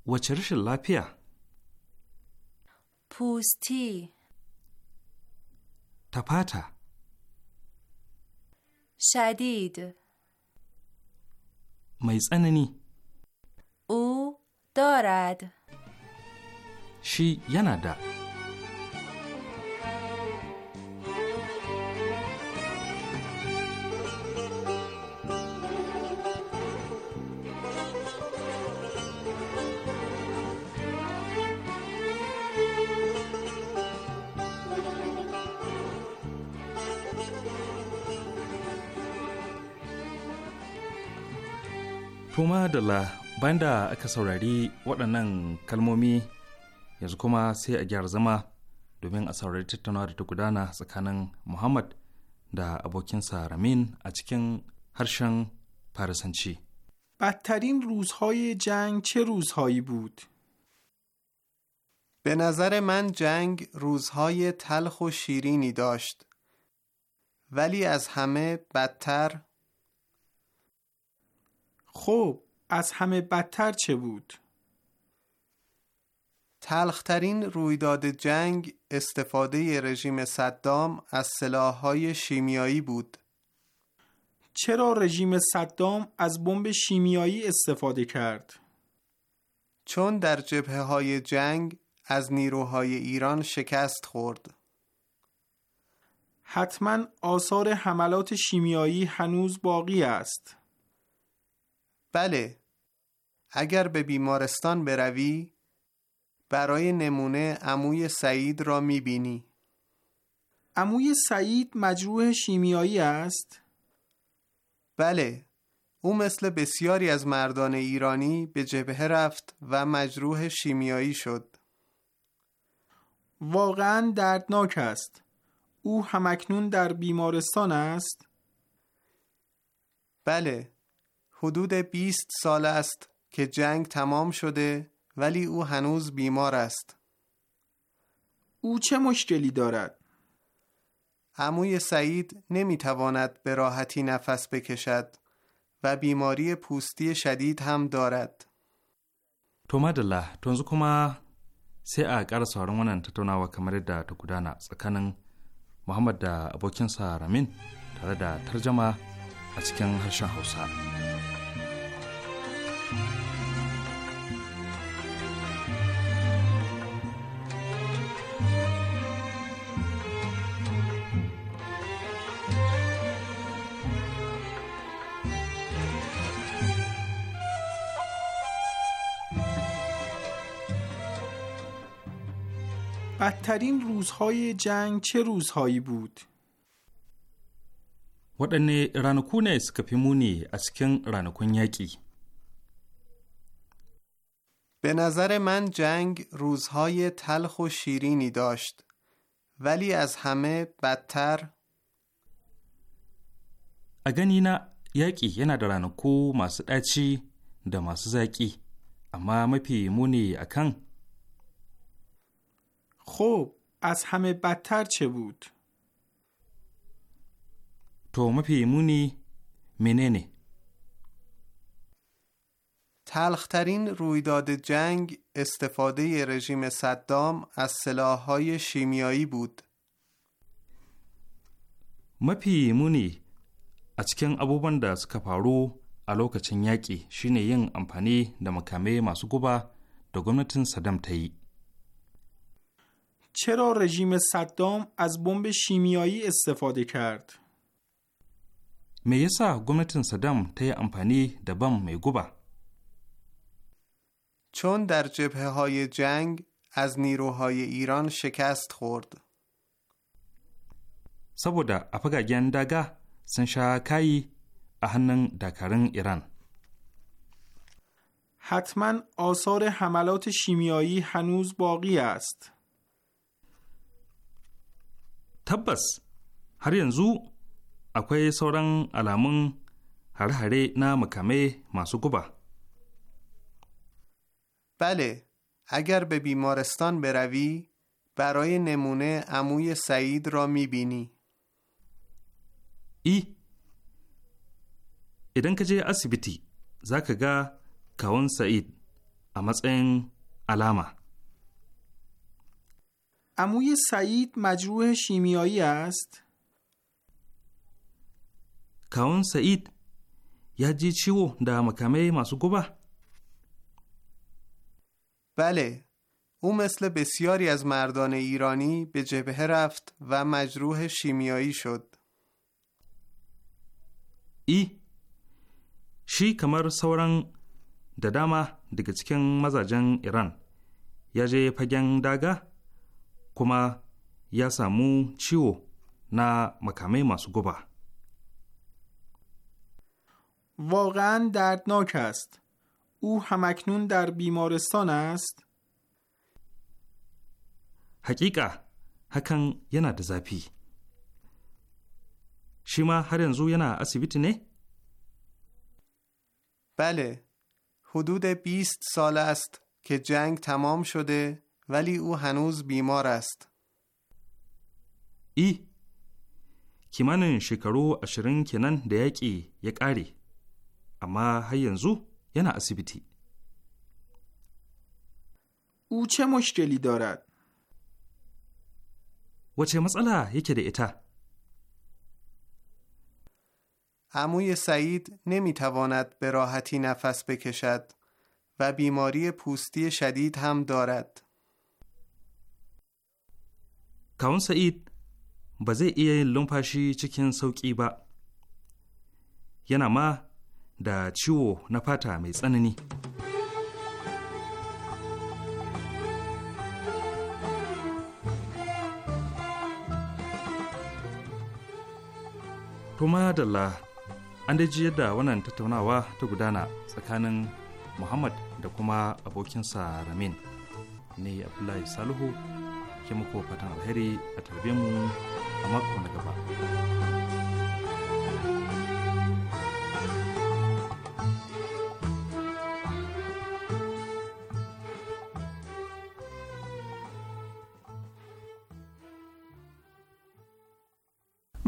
و چرش لافیا پوستی تپاتا شدید mai tsanani او دارد شی yana da Toma da la bayan da aka saurari waɗannan kalmomi yanzu kuma sai a gyara zama domin a saurari tattaunawa da ta gudana tsakanin Muhammad da abokinsa Ramin a cikin harshen Farisanci. بدترین روزهای jang ce روزهایی بود؟ به نظر من جنگ روزهای تلخ و شیرینی داشت ولی از همه بدتر خب از همه بدتر چه بود؟ تلخترین رویداد جنگ استفاده رژیم صدام از سلاح‌های شیمیایی بود. چرا رژیم صدام از بمب شیمیایی استفاده کرد؟ چون در جبه های جنگ از نیروهای ایران شکست خورد. حتما آثار حملات شیمیایی هنوز باقی است. بله اگر به بیمارستان بروی برای نمونه عموی سعید را میبینی عموی سعید مجروح شیمیایی است؟ بله او مثل بسیاری از مردان ایرانی به جبهه رفت و مجروح شیمیایی شد واقعا دردناک است او همکنون در بیمارستان است؟ بله حدود 20 سال است که جنگ تمام شده ولی او هنوز بیمار است. او چه مشکلی دارد؟ عموی سعید نمیتواند به راحتی نفس بکشد و بیماری پوستی شدید هم دارد. تومد الله تونزو کما سی اگر سارم ونن تتونا و کمری دا سکنن محمد دا ابوکن سارمین تره ترجمه از کن هرشان حوصار. بدترین روزهای جنگ چه روزهایی بود؟ waɗanne ranaku ne suka fi muni a cikin ranakun yaƙi به نظر من جنگ روزهای تلخ و شیرینی داشت ولی از همه بدتر اگر اینا یکی یه ندارن کو، ranaku اچی، ده da اما اما amma اکن؟ اکن از همه بدتر چه بود؟ تو مفی مونی مننه تلخترین رویداد جنگ استفاده رژیم صدام از سلاح های شیمیایی بود. مپی مونی اچکن ابو بندس کپارو الو کچن یاکی شینه ین امپانی دا مکامه ماسو گوبا دا گمتن صدام تایی. چرا رژیم صدام از بمب شیمیایی استفاده کرد؟ میسا گمتن صدام تای امپانی دا بم میگوبا چون در جبهه های جنگ از نیروهای ایران شکست خورد. سبودا افگا جنداغا سنشاکایی اهنن دکارن ایران. حتما آثار حملات شیمیایی هنوز باقی است. تبس هر ینزو اکوی سورن علامن هر هره نا مکمه ماسو بله اگر به بیمارستان بروی برای نمونه عموی سعید را میبینی ای ایدن کجه اسیبیتی، asibiti za کون سعید؟ kawon این علامه عموی سعید مجروح شیمیایی است؟ کاون سعید یا جی چیو دا مکمه ماسو بله او مثل بسیاری از مردان ایرانی به جبهه رفت و مجروح شیمیایی شد ای شی کمر سوران دداما دیگه چکن مزاجن ایران یا جه پگن داگا کما یا چیو؟ چیو نا مکامه واقعا دردناک است. او همکنون در بیمارستان است؟ حقیقا هکن یه نا دزاپی شما هرین زو یه اسیبیت نه؟ بله حدود 20 سال است که جنگ تمام شده ولی او هنوز بیمار است ای کمان شکرو اشرین کنن ای یک آری اما هی انزو یعنی اسیبیتی او چه مشکلی دارد؟ و چه مسئله یکی ده اتا؟ عموی سعید نمیتواند به راحتی نفس بکشد و بیماری پوستی شدید هم دارد. کاون سعید بزه ایه لنپاشی چکن سوکی با. یه ما da ciwo na fata mai tsanani. Tuma Dalla an daji yadda wannan tattaunawa ta gudana tsakanin Muhammad da kuma abokinsa Ramin. Ne Abdullahi Salihu ke muku fatan alheri a tarbe mu a mako na gaba.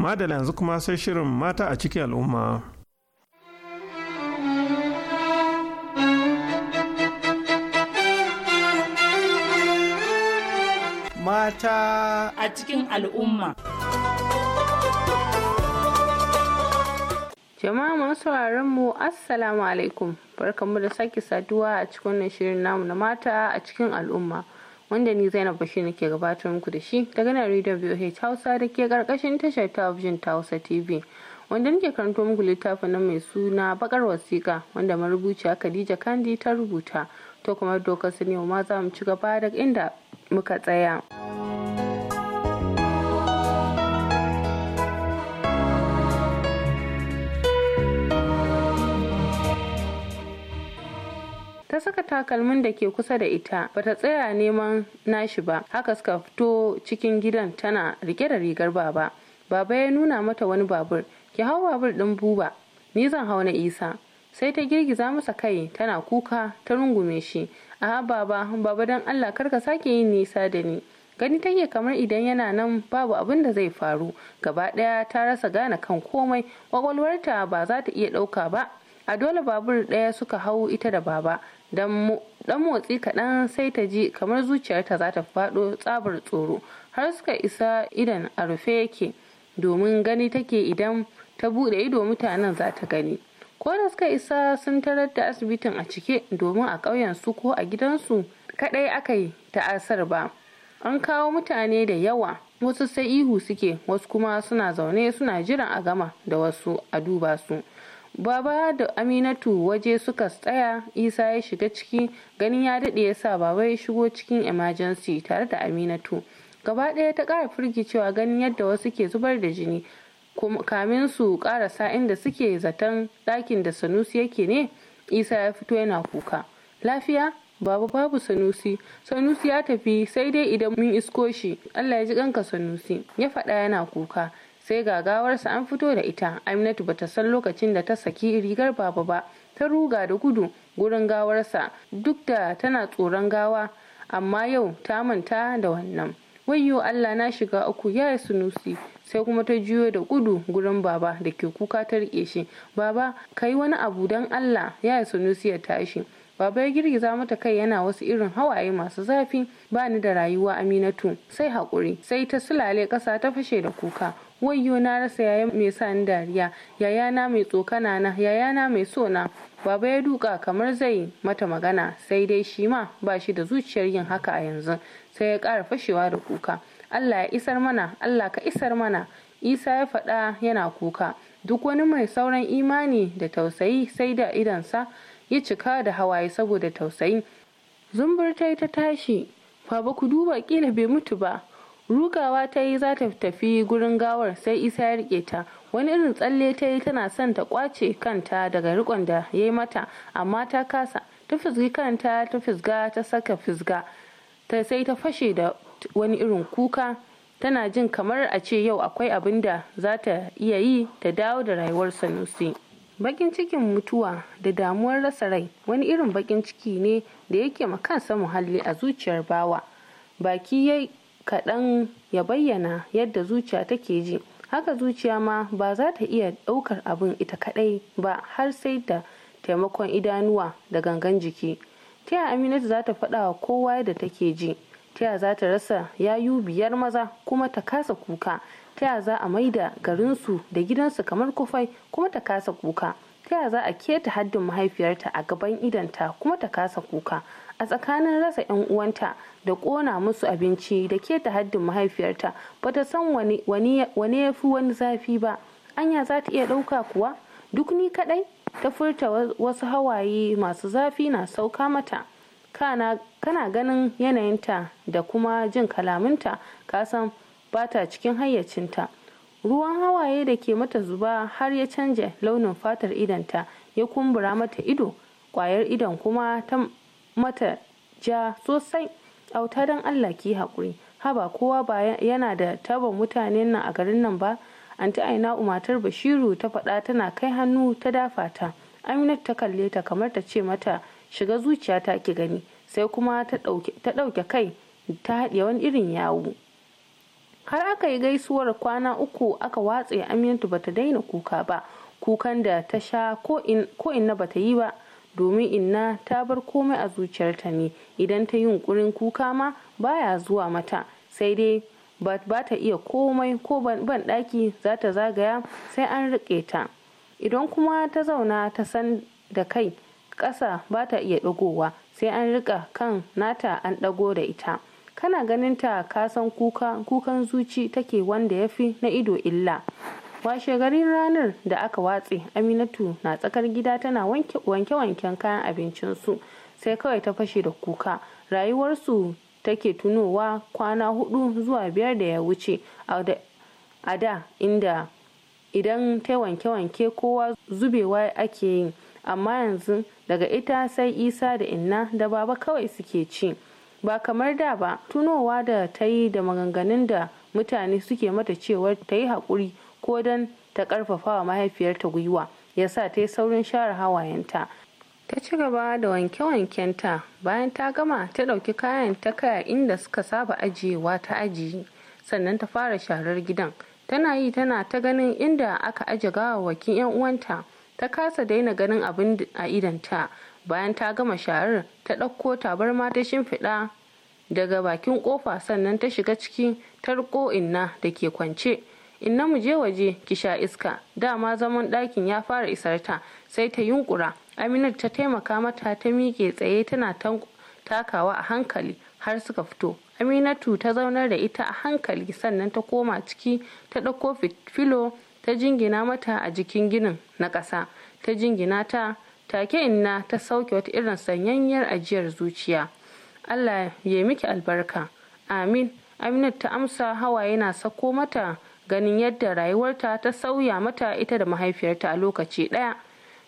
amma da yanzu kuma sai shirin mata a cikin al'umma. Mata a cikin al'umma. Jama'a masu mu Assalamu alaikum, barkanmu da sake saduwa a cikin shirin namu na mata a cikin al'umma. wanda ni Zainab Bashir nake gabatar muku da shi daga nan Radio Hausa da ke karkashin tashar talabijin ta Hausa TV. Wanda nake karanto muku littafin nan mai suna Bakar Wasiƙa wanda marubuciya Khadija Kandi ta rubuta. To kuma dokar su ne ma za mu ci gaba daga inda muka tsaya. ta saka takalmin da ke kusa da ita bata tsaya neman nashi ba haka suka fito cikin gidan tana rike da rigar baba baba ya nuna mata wani babur ki hau babur din buba ni zan hau na isa sai ta girgiza masa kai tana kuka ta rungume shi a baba baba dan allah kar ka sake yin nisa da ni gani take kamar idan yana nan babu abin da zai faru gaba daya ta rasa gane kan komai kwakwalwarta ba za ta iya ɗauka ba a dole babur ɗaya suka hau ita da baba dan motsi kaɗan sai ta ji kamar zuciyarta za ta faɗo tsabar tsoro har suka isa idan a rufe yake domin gani take idan ta buɗe ido mutanen za ta gani ko da suka isa sun tarar da asibitin a cike domin a ƙauyen su ko a gidansu kaɗai aka yi ta'asar ba an kawo mutane da yawa wasu sai ihu suke wasu kuma suna zaune suna jiran a gama da wasu a duba su baba da aminatu waje suka tsaya isa ya shiga ciki ganin ya daɗe ya sa baba ya shigo cikin emergency tare da aminatu gaba ɗaya ta ƙara firgicewa ganin yadda wasu ke zubar da jini kamin su sa inda suke zaton ɗakin da sanusi yake ne isa ya fito yana kuka lafiya babu babu sanusi sanusi ya tafi sai dai idan mun isko shi allah ya ji kanka sanusi ya faɗa yana kuka sai ga gawarsa an fito da ita aminatu bata san lokacin da ta saki rigar baba ba ta ruga da gudu gurin gawarsa duk da tana tsoron gawa amma yau ta manta da wannan wayyo allah na shiga uku ya yi sunusi sai kuma ta juyo da gudu gurin baba da ke kuka ta rike shi baba kai wani abu don allah ya yi sunusi ya tashi baba ya girgiza mata kai yana wasu irin hawaye masu zafi ba ni da rayuwa aminatu sai haƙuri sai ta sulale ƙasa ta fashe da kuka wayyo na rasa yaya mai sa ni dariya yayana mai tsokana na yayana mai so na baba ya duka kamar zai mata magana sai dai shi ma ba shi da zuciyar yin haka a yanzu sai ya ƙara fashewa da kuka allah ya isar mana allah ka isar mana isa ya faɗa yana kuka duk wani mai sauran imani da tausayi sai da idansa ya cika da hawaye saboda tausayi zumbur ta yi ta tashi ba ku duba kila bai mutu ba rugawa ta yi za ta tafi gurin gawar sai isa ya rike ta wani irin tsalle ta yi tana son ta kwace kanta daga rikon da ya yi mata amma ta kasa ta fizgi kanta ta fizga ta saka fizga ta sai ta fashe da wani irin kuka tana jin kamar a ce yau akwai abin da za ta iya yi ta dawo da rayuwar sanusi. bakin cikin mutuwa da damuwar rasa rai wani irin bakin ciki ne da yake makansa muhalli a zuciyar bawa baki ya kaɗan ya bayyana yadda zuciya take ji haka zuciya ma ba za ta iya ɗaukar abin ita kaɗai ba har sai da taimakon idanuwa da gangan jiki taya aminatu za ta faɗa wa kowa yadda take ji taya za ta rasa yayu biyar maza kuma ta kasa kuka ta yaya za a maida garinsu da gidansu kamar kufai kuma ta kasa kuka ta yaya za a keta haddin mahaifiyarta a gaban idanta kuma ta kasa kuka a tsakanin rasa 'yan uwanta da kona musu abinci da keta haddin mahaifiyarta ba ta san wani ya fi wani zafi ba anya za ta iya ɗauka kuwa duk ni kaɗai ta furta wasu hawaye masu zafi na sauka mata kana ganin yanayinta da kuma jin kalaminta kasan bata ta cikin hayyacinta ruwan hawaye da ke mata zuba har ya canja launin fatar idanta ya kumbura mata ido kwayar idon kuma ta mata ja sosai auta don allah ki haƙuri haba kowa ba yana da taban mutanen nan a garin nan ba anti aina umatar bashiru ta faɗa tana kai hannu ta dafa ta aminatu ta kalle ta kamar ta ce mata shiga zuciya ta ki gani sai kuma ta ɗauke kai ta haɗe wani irin yawu har aka yi gaisuwar kwana uku aka watse amintu bata daina kuka ba kukan da ta sha ko inna bata yi ba domin inna ta bar komai a zuciyarta ne idan ta yi yunkurin kuka ma baya zuwa mata sai dai ba ta iya komai ko ban daki za ta zagaya sai an riƙe ta idan kuma ta zauna ta san da kai ƙasa ba ta iya ɗagowa sai an riƙa kan nata an ɗago da ita kana ganin ta kasan kuka kukan zuci take wanda ya fi na ido illa washe garin ranar da aka watse aminatu na tsakar gida tana wanke-wanken kayan abincinsu sai kawai ta fashe da kuka rayuwarsu take tunowa kwana hudu zuwa biyar da ya wuce a da inda idan ta wanke-wanke kowa zubewa ake yi amma yanzu daga ita sai isa da inna da baba kawai suke ci ba kamar da ba tunowa da ta yi da maganganun da mutane suke mata cewar ta yi haƙuri ko don ta ƙarfafa wa mahaifiyarta gwiwa ya sa ta yi saurin share hawayenta ta ci gaba da wanke-wankenta bayan ta gama ta ɗauki kayan ta kaya inda suka saba ajiyewa ta ajiye sannan ta fara sharar gidan tana yi tana ta ganin inda aka aje gawawwakin 'yan uwanta ta kasa daina ganin abin a idanta bayan ta gama sharar ta ɗauko tabarma ta shimfiɗa daga bakin ƙofa sannan ta shiga ciki ta riko inna da ke kwance inna mu je waje ki sha iska dama zaman ɗakin ya fara isar ta sai ta yunƙura aminat ta taimaka mata ta miƙe tsaye tana takawa a hankali har suka fito aminatu ta zaunar da ita a hankali sannan ta koma ciki ta ɗauko filo ta jingina mata a jikin ginin na ƙasa ta jingina ta take inna ta sauke wata irin sanyanyar ajiyar zuciya allah ya miki albarka amin aminat ta amsa hawa yana sako mata ganin yadda rayuwarta ta sauya mata ita da mahaifiyarta a lokaci ɗaya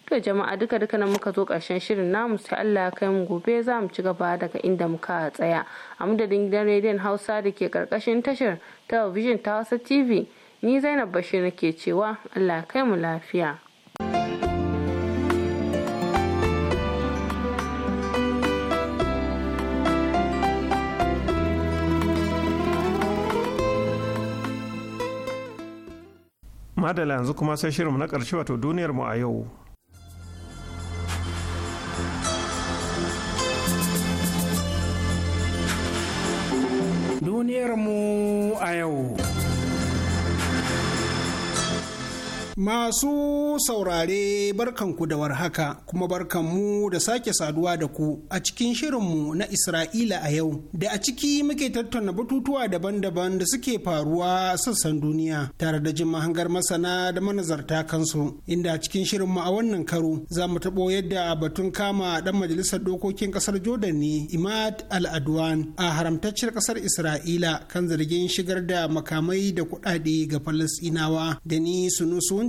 to jama'a duka duka nan muka zo karshen shirin namu sai Allah ya kai mu gobe za mu ci gaba daga inda muka tsaya a madadin gidan rediyon Hausa da ke karkashin tashar talabijin ta Hausa TV ni Zainab Bashir ke cewa Allah ya kai mu lafiya madala yanzu kuma sai shirinmu na ƙarshe wato duniyar mu a yau duniyar mu a yau Masu saurare barkanku da warhaka kuma barkanmu da sake saduwa da ku a cikin shirinmu na Isra'ila a yau da a ciki muke tattauna batutuwa daban-daban da suke faruwa a sassan duniya tare da jin mahangar masana da manazarta kansu inda a cikin shirinmu a wannan karo za mu taɓo yadda batun kama ɗan majalisar dokokin ƙasar Jordan ne Imad Al-Adwan a haramtacciyar ƙasar Isra'ila kan zargin shigar da makamai da kuɗaɗe ga Falasɗinawa da ni Sunusun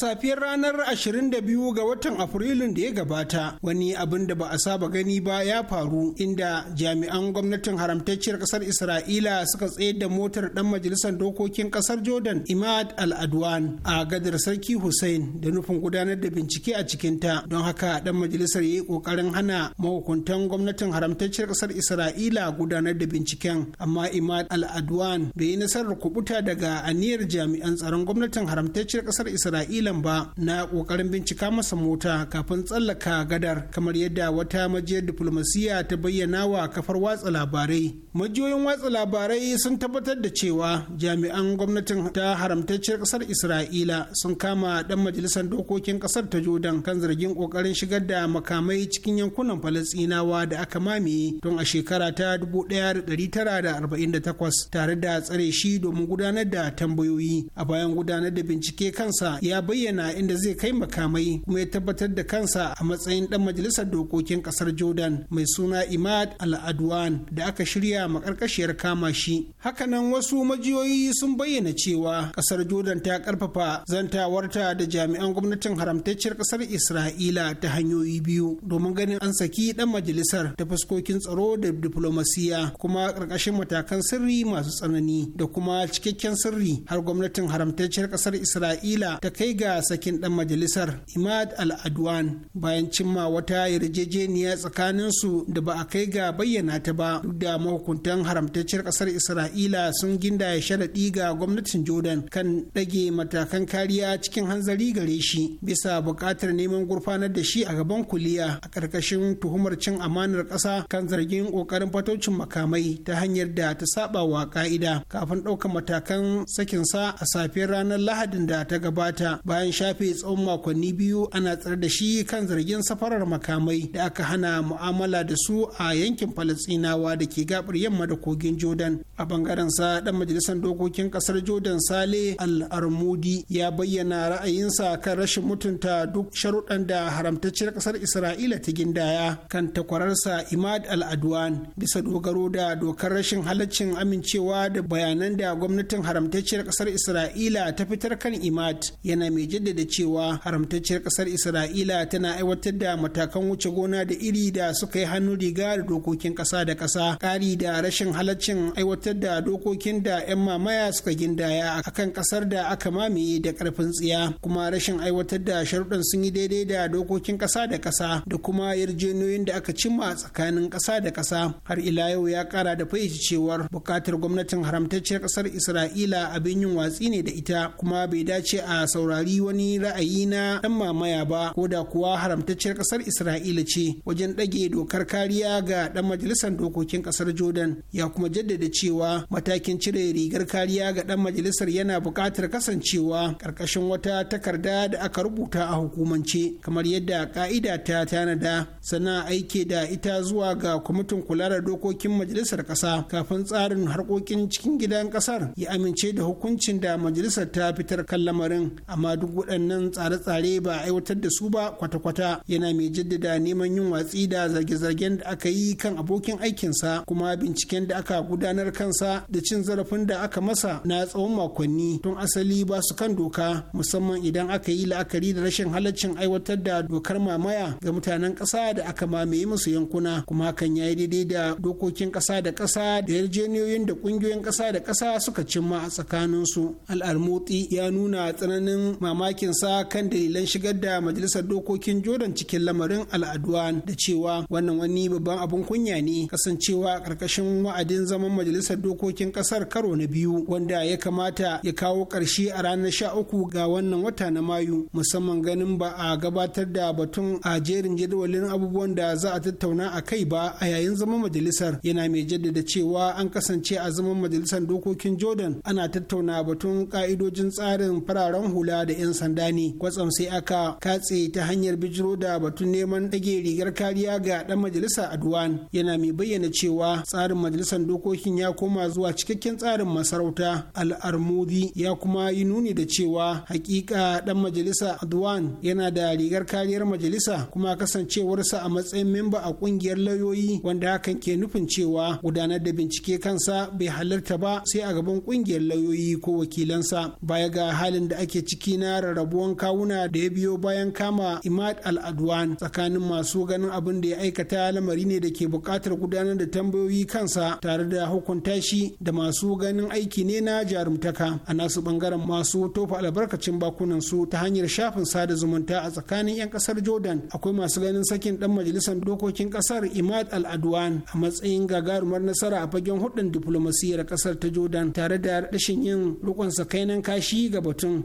safiyar ranar 22 ga watan Afrilun da ya gabata, wani abin da ba a saba gani ba ya faru inda jami'an gwamnatin haramtacciyar kasar Isra'ila suka tsayar da motar ɗan majalisar dokokin ƙasar Jordan Imad Al-Adwan a gadar Sarki Hussein da nufin gudanar da bincike a cikinta. Don haka ɗan majalisar ya yi ƙoƙarin hana mahukuntan gwamnatin haramtacciyar kasar Isra'ila gudanar da binciken, amma Imad Al-Adwan bai yi nasarar kubuta daga aniyar jami'an tsaron gwamnatin haramtacciyar kasar Isra'ila dalilan ba na kokarin bincika masa mota kafin tsallaka gadar kamar yadda wata majiyar diplomasiya ta bayyana wa kafar watsa labarai majiyoyin watsa labarai sun tabbatar da cewa jami'an gwamnatin ta haramtacciyar kasar isra'ila sun kama dan majalisar dokokin kasar ta jordan kan zargin kokarin shigar da makamai cikin yankunan falastinawa da aka mamaye tun a shekara ta 1948 tare da tsare shi domin gudanar da tambayoyi a bayan gudanar da bincike kansa ya bayyana bayyana inda zai kai makamai kuma ya tabbatar da kansa a matsayin dan majalisar dokokin kasar jordan mai suna imad al-adwan da aka shirya makarkashiyar kama shi hakanan wasu majiyoyi sun bayyana cewa kasar jordan ta karfafa zantawarta da jami'an gwamnatin haramtacciyar kasar isra'ila ta hanyoyi biyu domin ganin an saki dan majalisar da fuskokin tsaro da diplomasiya kuma karkashin matakan sirri masu tsanani da kuma cikakken sirri har gwamnatin haramtacciyar kasar isra'ila ta kai ga da sakin ɗan majalisar imad al-adwan bayan cimma wata yarjejeniya tsakaninsu da ba a kai ga bayyana ta ba duk da mahukuntan haramtacciyar ƙasar isra'ila sun gindaya sharaɗi ga gwamnatin jordan kan ɗage matakan kariya cikin hanzari gare shi bisa buƙatar neman gurfanar da shi a gaban kuliya a ƙarƙashin tuhumar cin amanar ƙasa kan zargin ƙoƙarin fatocin makamai ta hanyar da ta saba wa ƙa'ida kafin ɗaukar matakan sakinsa a safiyar ranar lahadin da ta gabata bayan shafe tsawon makonni biyu ana tsar da shi kan zargin safarar makamai da aka hana mu'amala da su a yankin falasinawa da ke gabar yamma da kogin jordan a bangaren sa dan majalisar dokokin kasar jordan sale al-armudi ya bayyana ra'ayinsa kan rashin mutunta duk sharuɗan da haramtacciyar kasar isra'ila ta gindaya kan takwararsa imad al-adwan bisa dogaro da dokar rashin halaccin amincewa da bayanan da gwamnatin haramtacciyar kasar isra'ila ta fitar kan imad yana mai jaddada cewa haramtacciyar kasar isra'ila tana aiwatar da matakan wuce gona da iri da suka yi hannu riga da dokokin kasa da kasa kari da rashin halaccin aiwatar da dokokin da 'yan mamaya suka gindaya a kan kasar da aka mamaye da karfin tsiya kuma rashin aiwatar da sharuɗan sun yi daidai da dokokin kasa da kasa da kuma yarjejeniyoyin da aka cimma a tsakanin kasa da kasa har ila yau ya kara da fayyace cewar buƙatar gwamnatin haramtacciyar kasar isra'ila abin yin watsi ne da ita kuma bai dace a saurari bi wani ra'ayi na ɗan mamaya ba ko da kuwa haramtacciyar ƙasar isra'ila ce wajen ɗage dokar kariya ga ɗan majalisar dokokin ƙasar jordan ya kuma jaddada cewa matakin cire rigar kariya ga ɗan majalisar yana buƙatar kasancewa ƙarƙashin wata takarda da aka rubuta a hukumance kamar yadda ƙa'ida ta tanada sana aike da ita zuwa ga kwamitin kula da dokokin majalisar ƙasa kafin tsarin harkokin cikin gidan ƙasar ya amince da hukuncin da majalisar ta fitar kan lamarin amma duk waɗannan tsare-tsare ba a aiwatar da su ba kwata-kwata yana mai jaddada neman yin watsi da zarge-zargen da aka yi kan abokin aikinsa kuma binciken da aka gudanar kansa da cin zarafin da aka masa na tsawon makonni tun asali ba su kan doka musamman idan aka yi la'akari da rashin halaccin aiwatar da dokar mamaya ga mutanen ƙasa da aka mamaye musu yankuna kuma kan ya yi daidai da dokokin ƙasa da ƙasa da yarjejeniyoyin da ƙungiyoyin ƙasa da ƙasa suka cimma a tsakanin su al'almutsi ya nuna tsananin mamakin sa kan dalilan shigar da majalisar dokokin jordan cikin lamarin al'aduwan da cewa wannan wani babban abun kunya ne kasancewa a ƙarƙashin wa'adin zaman majalisar dokokin ƙasar karo na biyu wanda ya kamata ya kawo ƙarshe a ranar sha uku ga wannan wata na mayu musamman ganin ba a gabatar da batun a jerin jadawalin abubuwan da za a tattauna a kai ba a yayin zaman majalisar yana mai jaddada cewa an kasance a zaman majalisar dokokin jordan ana tattauna batun ka'idojin tsarin fararen hula da 'yan sanda ne kwatsam sai aka katse ta hanyar bijiro da batun neman ɗage rigar kariya ga ɗan majalisa adwan yana mai bayyana cewa tsarin majalisar dokokin ya koma zuwa cikakken tsarin masarauta al'armudi ya kuma yi nuni da cewa hakika ɗan majalisa adwan yana da rigar kariyar majalisa kuma kasancewarsa a matsayin memba a ƙungiyar lauyoyi wanda hakan ke nufin cewa gudanar da bincike kansa bai halarta ba sai a gaban ƙungiyar lauyoyi ko wakilansa baya ga halin da ake ciki na na rarrabuwan kawuna da ya biyo bayan kama imad al-adwan tsakanin masu ganin abin da ya aikata lamari ne da ke buƙatar gudanar da tambayoyi kansa tare da hukunta shi da masu ganin aiki ne na jarumtaka a nasu bangaren masu tofa albarkacin bakunan su ta hanyar shafin sada zumunta a tsakanin 'yan kasar jordan akwai masu ganin sakin dan majalisar dokokin kasar imad al-adwan a matsayin gagarumar nasara a fagen hudun diflomasiyyar kasar ta jordan tare da rashin yin rikon sakainan kashi ga batun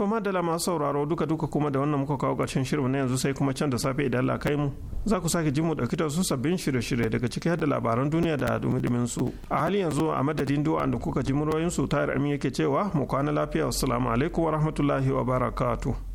To madala masu sauraro duka duka kuma da wannan muka kawo ƙarshen shirin na yanzu sai kuma can da safe idan Allah kai mu za ku sake ji mu ɗauki kitar su sabbin shirye-shirye daga ciki da labaran duniya da dumi su. A halin yanzu a madadin du'a da kuka ji muryoyin su tayar amin yake cewa mu kwana lafiya wassalamu alaikum wa rahmatullahi wa